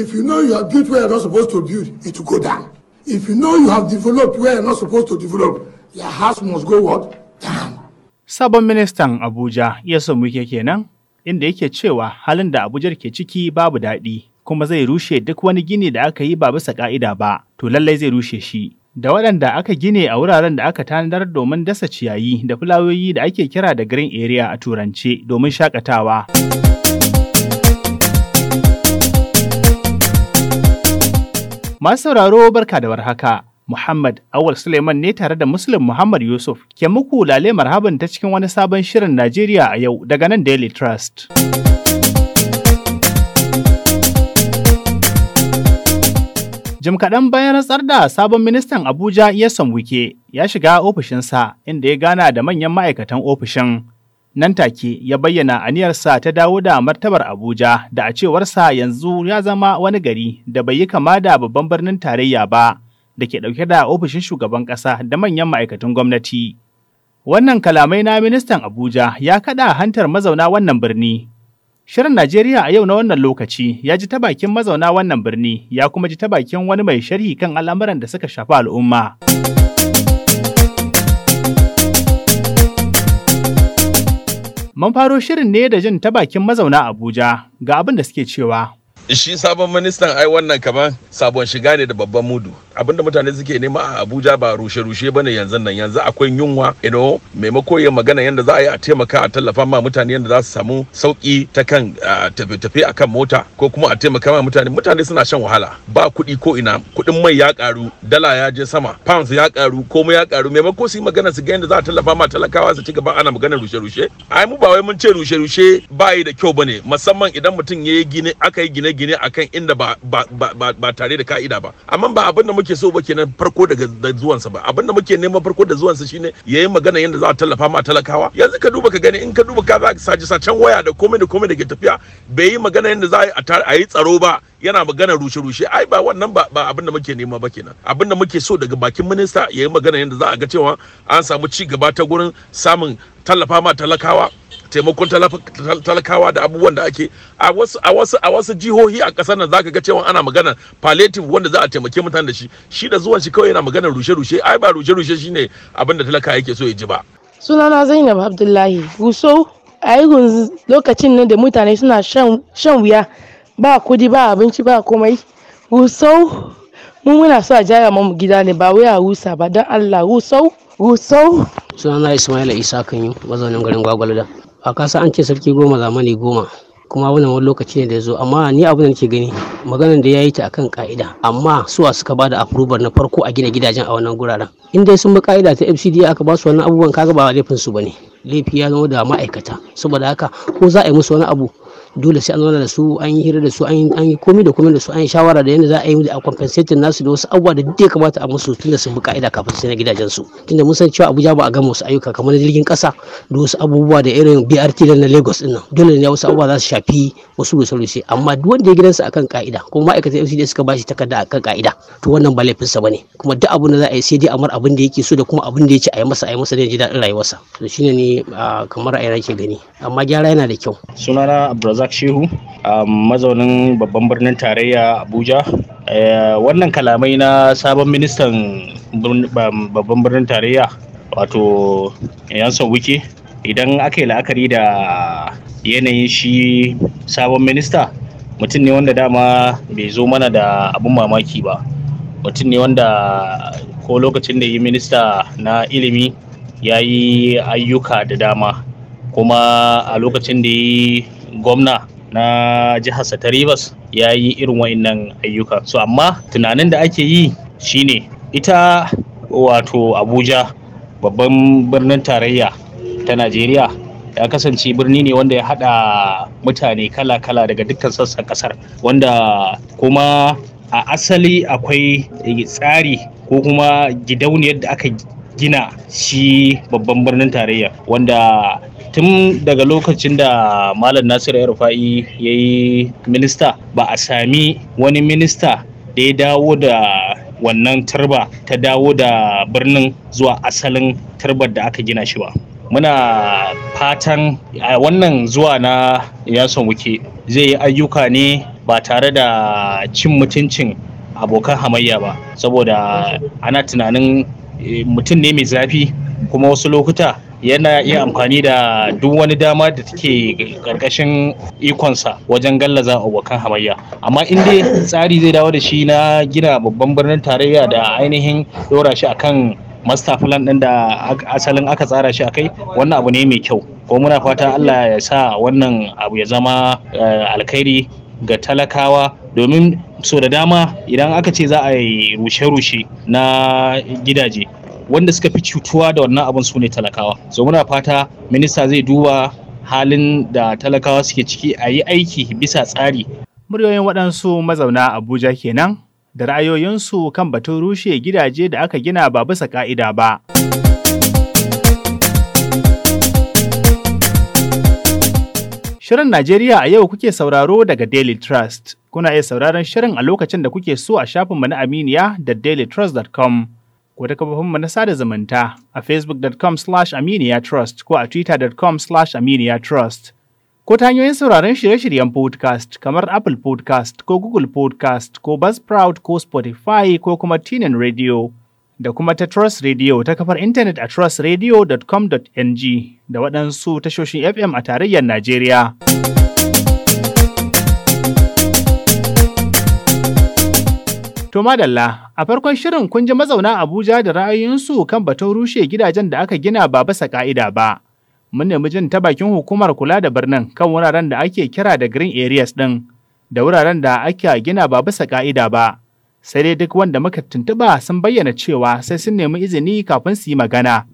If you know you have built where you're not supposed to build, it will go down. If you know you have developed where you're not supposed to develop, your house must go what? Down. Sabon ministan Abuja ya muke kenan inda yake cewa halin da Abuja ke ciki babu daɗi kuma zai rushe duk wani gini da aka yi ba bisa ka'ida ba to lallai zai rushe shi da waɗanda aka gine a wuraren da aka tanadar domin dasa ciyayi da fulawoyi da ake kira da green area a turance domin shakatawa. Masu sauraro barka da warhaka. Muhammad Awal Suleiman ne tare da Muslim Muhammad Yusuf ke muku lale marhaban ta cikin wani sabon shirin Najeriya a yau daga nan Daily Trust. Jim kaɗan bayan rantsar da sabon ministan Abuja Yesom Wike ya shiga ofishinsa inda ya gana da manyan ma'aikatan ofishin. nan take ya bayyana aniyarsa ta dawo da martabar Abuja da a cewarsa yanzu ya zama wani gari da bai yi kama da babban birnin tarayya ba da ke ɗauke da ofishin shugaban ƙasa da manyan ma'aikatan gwamnati. Wannan kalamai na ministan Abuja ya kaɗa hantar mazauna wannan birni. Shirin Najeriya a yau na wannan lokaci ya ji ta bakin mazauna wannan birni ya kuma ji ta bakin wani mai sharhi kan al'amuran da suka shafi al'umma. Mun faro shirin ne da jin ta bakin mazauna Abuja ga abin da suke cewa. Shi sabon ministan ai wannan kamar sabon shiga ne da babban mudu. abinda mutane suke nema a abuja ba rushe-rushe ba ne yanzu nan yanzu akwai yunwa ino maimako ya magana yadda za a yi a taimaka a tallafa ma mutane yadda za su samu sauki ta kan tafe-tafe a kan mota ko kuma a taimaka ma mutane mutane suna shan wahala ba kuɗi ko ina kuɗin mai ya ƙaru dala ya je sama pounds ya ƙaru komai ya ƙaru maimako su yi magana su ga yadda za a tallafa ma talakawa su ci gaba ana magana rushe-rushe ai mu ba wai mun ce rushe-rushe ba yi da kyau ba ne musamman idan mutum ya yi gine aka yi gine-gine akan inda ba ba ba tare da ka'ida ba amma ba abin da muke muke so ba kenan farko daga zuwansa ba abin da muke neman farko da zuwansa shine yayi magana yadda za a tallafa ma talakawa yanzu ka duba ka gani in ka duba ka za ka saji sacen waya da komai da komai da ke tafiya bai yi magana yadda za a yi tsaro ba yana magana rushe-rushe ai ba wannan ba abin da muke nema ba kenan abin da muke so daga bakin minista ya yi magana yadda za a ga cewa an samu ci gaba ta gurin samun tallafa ma talakawa taimakon talakawa da abubuwan da ake a wasu jihohi a ƙasar nan zaka ga cewa ana magana palliative wanda za a taimake mutane da shi shi da zuwan shi kawai yana magana rushe rushe ai ba rushe rushe ne abin da talaka yake so ya ji ba sunana Zainab Abdullahi Guso a yi lokacin nan da mutane suna shan wuya ba kudi ba abinci ba komai Guso mu muna so a jara Mamu gida ne ba wuya a rusa ba don Allah Guso Guso sunana Ismaila Isa kan yi mazaunin garin da. a kasa an ce sarki goma zamani goma kuma wannan wani lokaci ne da ya zo amma ni abin da nake gani maganar da ya yi ta akan ka'ida amma suwa suka ba da approval na farko a gina gidajen a wannan guraren in dai sun bi ka'ida ta FCD aka ba su wannan abubuwan kaga ba laifin su bane laifi ya zama da ma'aikata saboda haka ko za a yi musu wani abu dole sai an zauna da su an yi hira da su an yi komai da komai da su an yi shawara da yadda za a yi a compensate nasu da wasu abubuwa da duk ya kamata a musu tunda sun bi ka'ida kafin su na gidajen su tunda mun san cewa Abuja ba a gama wasu ayyuka kamar jirgin kasa da wasu abubuwa da irin BRT da na Lagos din nan dole ne wasu abubuwa za su shafi wasu rusulusi amma duk wanda ya gidansa akan ka'ida kuma ma'aikatan FCD suka bashi takarda akan ka'ida to wannan ba laifinsa ba ne. kuma duk abun da za a yi sai dai amar abin da yake so da kuma abin da ya ci a yi masa a yi masa ne ji daɗin rayuwarsa to shine ne ah, kamar a ke gani amma gyara yana da kyau sunana razak shehu um, mazaunin babban birnin tarayya abuja eh, wannan kalamai na sabon ministan um, babban birnin tarayya wato yansan wike idan aka yi la'akari da yanayin shi sabon minista mutum ne wanda dama bai zo mana da abin mamaki ba mutum ne wanda ko lokacin da yi minista na ilimi ya yi ayyuka da dama kuma a lokacin da yi gwamna na jihar sa ta Rivers ya yi irin wa'annan ayyuka so amma tunanin da ake yi shine ita wato Abuja babban birnin tarayya ta Najeriya ya kasance birni ne wanda ya hada mutane kala-kala daga dukkan sassan kasar wanda kuma a asali akwai tsari ko kuma gidauniyar da aka gina shi babban birnin tarayya wanda tun daga lokacin da malam nasiru ya rufa'i ya yi minista ba a sami wani minista da ya dawo da wannan tarba ta dawo da birnin zuwa asalin tarbar da aka gina shi ba muna fatan wannan zuwa na yason wuke zai yi ayyuka ne ba tare da cin mutuncin abokan hamayya ba saboda ana tunanin Eh, mutum ne mai zafi kuma wasu lokuta yana iya amfani da duk wani dama da take karkashin ikonsa wajen gallaza abokan hamayya amma in dai tsari zai dawo da shi na gina babban birnin tarayya da ainihin dora shi akan master plan din da asalin aka tsara shi akai wannan abu ne mai kyau ko muna fata Allah ya sa wannan abu ya zama eh, alkhairi ga talakawa domin so da dama idan aka ce za a yi rushe-rushe na gidaje wanda suka fi cutuwa da wannan abin su ne talakawa so muna fata minista zai duba halin da talakawa suke ciki a yi aiki bisa tsari muryoyin waɗansu mazauna abuja kenan da ra'ayoyinsu kan batun rushe gidaje da aka gina ba bisa ka'ida ba. Shirin Najeriya a yau kuke sauraro daga Daily Trust. Kuna iya sauraron shirin a lokacin da kuke so a shafinmu na Aminiya da dailytrust.com ko ta kafofinmu na sada zumunta a facebook.com slash aminiya ko a twitter.com slash aminiya Ko ta hanyoyin sauraron shirye-shiryen podcast kamar Apple podcast ko Google podcast ko Buzzsprout ko Spotify ko kuma Tinin Radio. da kuma ta Trust Radio ta kafar intanet a trustradio.com.ng da waɗansu tashoshin FM a tarayyar Najeriya. To madalla, a farkon shirin kun ji mazauna Abuja da ra'ayoyinsu kan batun rushe gidajen da aka gina ba bisa ka'ida ba. Mun nemi jin ta bakin hukumar kula da birnin kan wuraren da ake kira da green areas ɗin da wuraren da ake gina ba bisa ka'ida ba. sai dai duk wanda muka tuntuba sun bayyana cewa sai sun nemi izini kafin su yi magana,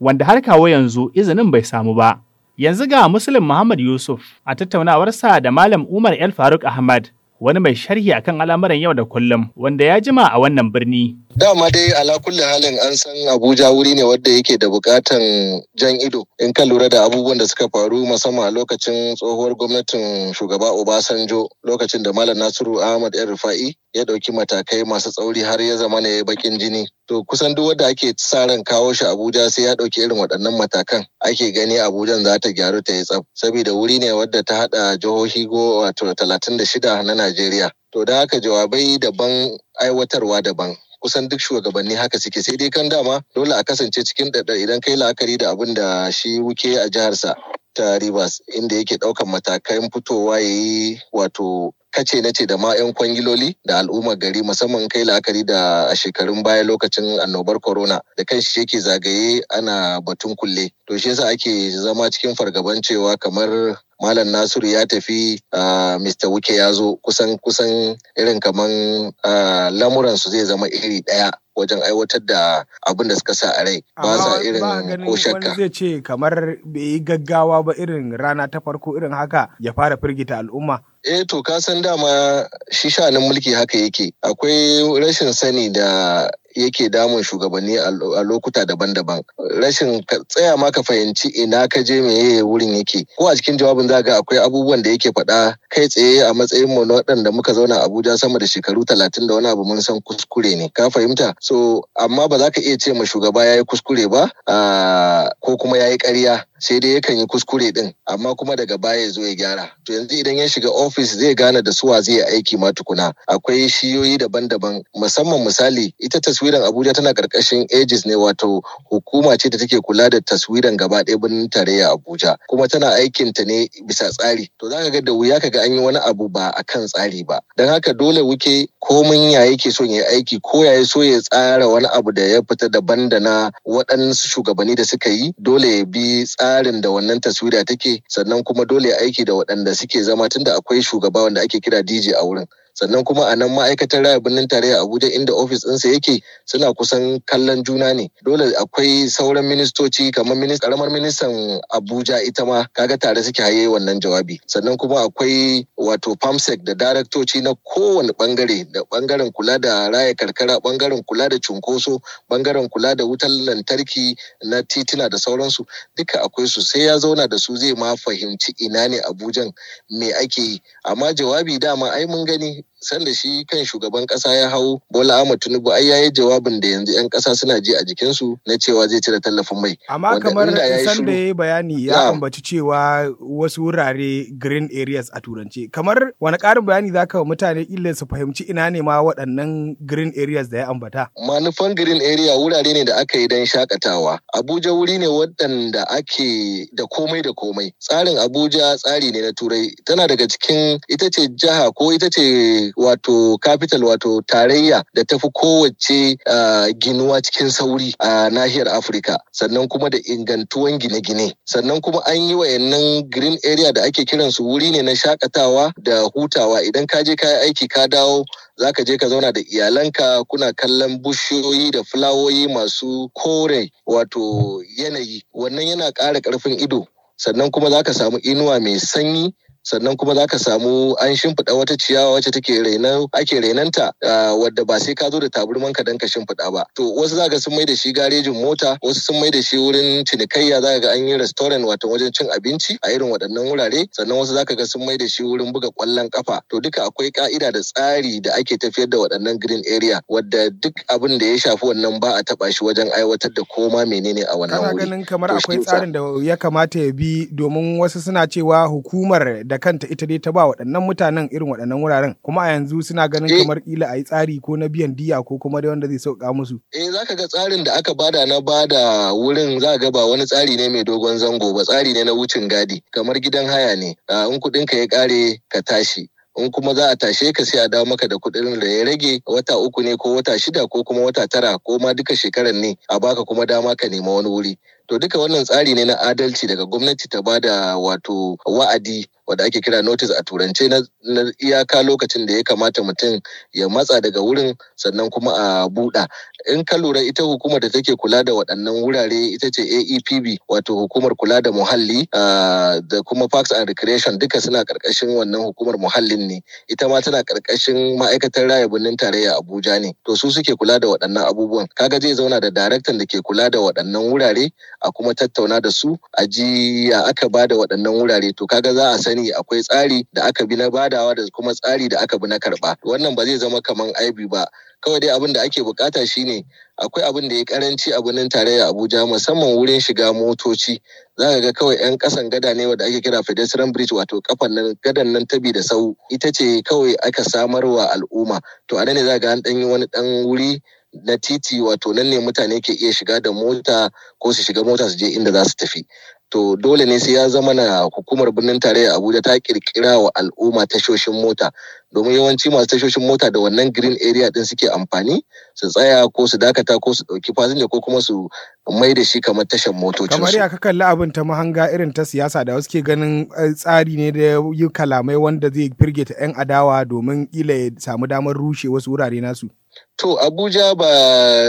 wanda har kawo yanzu izinin bai samu ba. Yanzu ga Muslim Muhammad Yusuf a tattaunawarsa da Malam Umar El Faruk Ahmad, wani mai sharhi akan al'amuran yau da kullum, wanda ya jima a wannan birni. dama dai ala kulli halin an san abuja wuri ne wadda yake da bukatan jan ido in ka lura da abubuwan da suka faru musamman a lokacin tsohuwar gwamnatin shugaba obasanjo lokacin da malam nasiru ahmad yan rufa'i ya dauki matakai masu tsauri har ya zama ne bakin jini to kusan duk wanda ake sa ran kawo shi abuja sai ya dauki irin waɗannan matakan ake gani Abuja za ta gyaru ta yi tsaf saboda wuri ne wadda ta haɗa jihohi go wato talatin da shida na najeriya to da haka jawabai daban aiwatarwa daban kusan duk shugabanni haka suke sai dai kan dama dole a kasance cikin ɗaɗa idan kai la'akari da abin da shi wuke a jiharsa ta Rivers inda yake ɗaukan matakan fitowa ya yi wato kace na ce da ma 'yan kwangiloli da al'ummar gari musamman kai la'akari da a shekarun baya lokacin annobar corona da kan shi yake zagaye ana batun kulle to shi yasa ake zama cikin fargaban cewa kamar Malam Nasiru ya tafi uh, Mr. Wuke ya zo kusan kusan irin kaman uh, lamuransu zai zama iri ɗaya wajen aiwatar da abin da suka sa a rai ba sa irin ko shakka zai ce kamar bai yi gaggawa ba irin rana ta farko irin haka ya fara firgita al'umma eh to ka san dama shi sha'anin mulki haka yake akwai rashin sani da yake damun shugabanni a lokuta daban-daban rashin ka tsaya ma ka fahimci ina ka je meye wurin yake ko a cikin jawabin za ga akwai abubuwan da yake faɗa kai tsaye a matsayin mu na waɗanda muka zauna Abuja sama da shekaru talatin da wani abu mun san kuskure ne ka fahimta so amma ba za ka iya ce ma shugaba ya yi kuskure ba ah, ko kuma ya yi ƙarya sai dai yakan yi kuskure din amma kuma daga baya ya zo ya gyara to yanzu idan ya shiga ofis zai gane da suwa zai aiki ma tukuna akwai shiyoyi daban-daban musamman misali ita taswiran abuja tana karkashin aegis ne wato hukuma ce da take kula da taswiran gaba ɗaya birnin tarayya abuja kuma tana aikin ta ne bisa tsari to zaka ga da wuya kaga an yi wani abu ba akan tsari ba dan haka dole wuke komin ya yake son ya aiki ko ya so ya tsara wani abu da ya fita daban da na waɗansu shugabanni da suka yi dole ya bi tsari tsarin da wannan taswira take sannan kuma dole aiki da waɗanda suke zama tunda akwai shugaba wanda ake kira DJ a wurin sannan kuma a nan ma'aikatar raya birnin tarayya abuja inda ofis ɗinsa yake suna kusan kallon juna ne dole akwai sauran ministoci kamar karamar ministan abuja ita ma kaga tare suke haye wannan jawabi sannan kuma akwai wato famsec da daraktoci na kowane bangare da bangaren kula da raya karkara bangaren kula da cunkoso bangaren kula da wutar lantarki na titina da sauransu duka akwai su sai ya zauna da su zai ma fahimci ina ne abujan me ake yi amma jawabi dama ai mun gani sanda shi kan shugaban kasa ya hau Bola Ahmed Tinubu ai yayi jawabin da yanzu yan kasa suna ji a jikinsu na cewa zai cire tallafin mai. Amma kamar sanda yayi bayani ya ambaci cewa wasu wurare green areas a turance. Kamar wani karin bayani zaka ka mutane illa su fahimci ina ne ma waɗannan green areas da ya ambata. Manufan green area wurare ne da aka yi don shakatawa. Abuja wuri ne waɗanda ake da komai da komai. Tsarin Abuja tsari ne na Turai. Tana daga cikin ita ce jiha ko ita ce wato capital wato tarayya da ta fi kowace ah, ginuwa cikin sauri a nahiyar Afirka sannan kuma da ingantuwan gine-gine sannan kuma an yi wayannan green area da ake kiran su wuri ne na shakatawa da hutawa idan ka je ka aiki ka dawo za ka je ka zauna da iyalanka kuna kallon bushiyoyi da fulawoyi masu kore wato yanayi wannan yana ƙara ƙarfin ido sannan kuma za ka samu inuwa mai sanyi sannan kuma za ka samu an shimfiɗa wata ciyawa wacce take rainan ake rainanta wadda ba sai ka zo da taburman ka dan ka shimfiɗa ba to wasu za ka sun mai da shi garejin mota wasu sun mai da shi wurin cinikayya za ka ga an yi restaurant wato wajen cin abinci a irin waɗannan wurare sannan wasu za ka ga sun mai da shi wurin buga ƙwallon kafa to duka akwai ka'ida da tsari da ake tafiyar da waɗannan green area wadda duk abin da ya shafi wannan ba a taɓa shi wajen aiwatar da koma menene a wannan wuri. Kana ganin kamar akwai tsarin da ya kamata ya bi domin wasu suna cewa hukumar da da kanta ita dai ta ba waɗannan mutanen irin waɗannan wuraren kuma a yanzu suna ganin eh. kamar kila a yi tsari ko na biyan diya ko kuma dai wanda zai sauka musu. Eh za ka ga tsarin da aka bada na bada wurin za ga ba wani tsari ne mai dogon zango ba tsari ne na wucin gadi kamar gidan haya ne in kuɗin ka ya kare ka tashi in kuma za a tashe ka sai a dawo maka da kuɗin da ya rage wata uku ne ko wata shida ko kuma wata tara ko ma duka shekarar ne a baka kuma dama ka nema wani wuri to duka wannan tsari ne na adalci daga gwamnati ta bada wato wa'adi wanda ake kira notice a turance na, iyaka lokacin da ya kamata mutum ya matsa daga wurin sannan kuma a buɗa in ka lura ita hukumar da take kula da waɗannan wurare ita ce AEPB wato hukumar kula da muhalli da kuma parks and recreation duka suna ƙarƙashin wannan hukumar muhallin ne ita ma tana ƙarƙashin ma'aikatar raya birnin tarayya Abuja ne to su suke kula da waɗannan abubuwan kaga zai zauna da daraktan da ke kula da waɗannan wurare a kuma tattauna da su a ji ya aka ba da waɗannan wurare to kaga za a sani. sani akwai tsari da aka bi na badawa da kuma tsari da aka bi na karba wannan ba zai zama kaman aibi ba kawai dai abin da ake bukata shine akwai abin da ya karanci a birnin tarayya abuja musamman wurin shiga motoci za ka ga kawai 'yan kasan gada ne wadda ake kira pedestrian bridge wato kafan nan gadan nan tabi da sau ita ce kawai aka samarwa al'umma to a ne za ga an wani ɗan wuri na titi wato nan ne mutane ke iya shiga da mota ko su shiga mota su je inda za su tafi to dole ne sai ya zama na hukumar birnin tarayya abuja ta kirkira wa al'umma tashoshin mota domin yawanci masu tashoshin mota da wannan green area din suke amfani su tsaya ko su dakata ko su dauki fasinja ko kuma su mai da shi kamar tashar motoci kamar ya ka kalli abin ta mahanga irin ta siyasa da wasu ke ganin eh, tsari ne da yi kalamai wanda zai firgita yan adawa domin kila ya samu damar rushe wasu wurare nasu To Abuja ba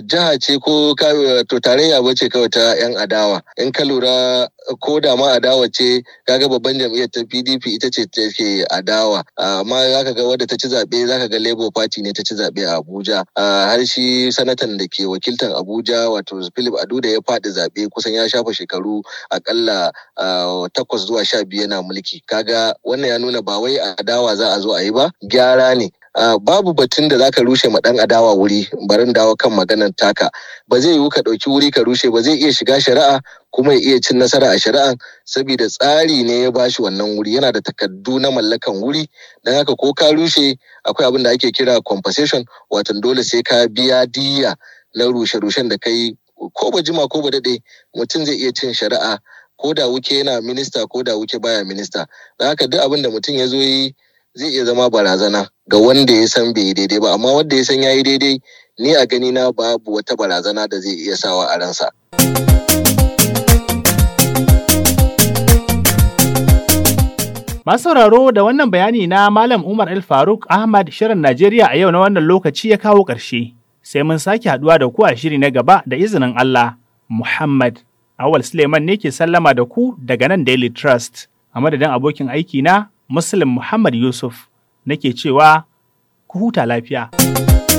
jiha ce ko to tarayya ba ce kawai ta 'yan adawa. In ka lura ko da ma adawa ce kaga babban jam'iyyar ta PDP ita ce ke adawa. Amma za ka ga wadda ta ci zaɓe zaka ga Labour Party ne ta ci zaɓe a Abuja. Har shi sanatan da ke wakiltar Abuja wato Philip Adu da ya faɗi zaɓe kusan ya shafa shekaru akalla takwas zuwa sha biyu yana mulki. Kaga wannan ya nuna ba wai adawa za a zo a yi ba gyara ne. babu batun da zaka rushe ma dan adawa wuri barin dawo kan maganar taka ba zai yiwu ka dauki wuri ka rushe ba zai iya shiga shari'a kuma ya iya cin nasara a shari'a saboda tsari ne ya bashi wannan wuri yana da takardu na mallakan wuri dan haka ko ka rushe akwai abin da ake kira compensation wato dole sai ka biya diya na rushe-rushen da kai ko ba jima ko ba dade mutum zai iya cin shari'a ko da wuke yana minista ko da wuke baya minista dan haka duk abin da mutum ya zo yi zai iya zama barazana ga wanda ya san bai yi daidai ba amma wanda ya san ya daidai ni a gani na babu wata barazana da zai iya sawa a ransa. Masu sauraro da wannan bayani na Malam Umar El Faruk Ahmad Shirin Najeriya a yau na wannan lokaci ya kawo ƙarshe. Sai mun sake haɗuwa da ku a shiri na gaba da izinin Allah, Muhammad. Awal Suleiman ne ke sallama da ku daga nan Daily Trust. A madadin abokin aiki na Muslim Muhammad Yusuf nake cewa ku huta lafiya.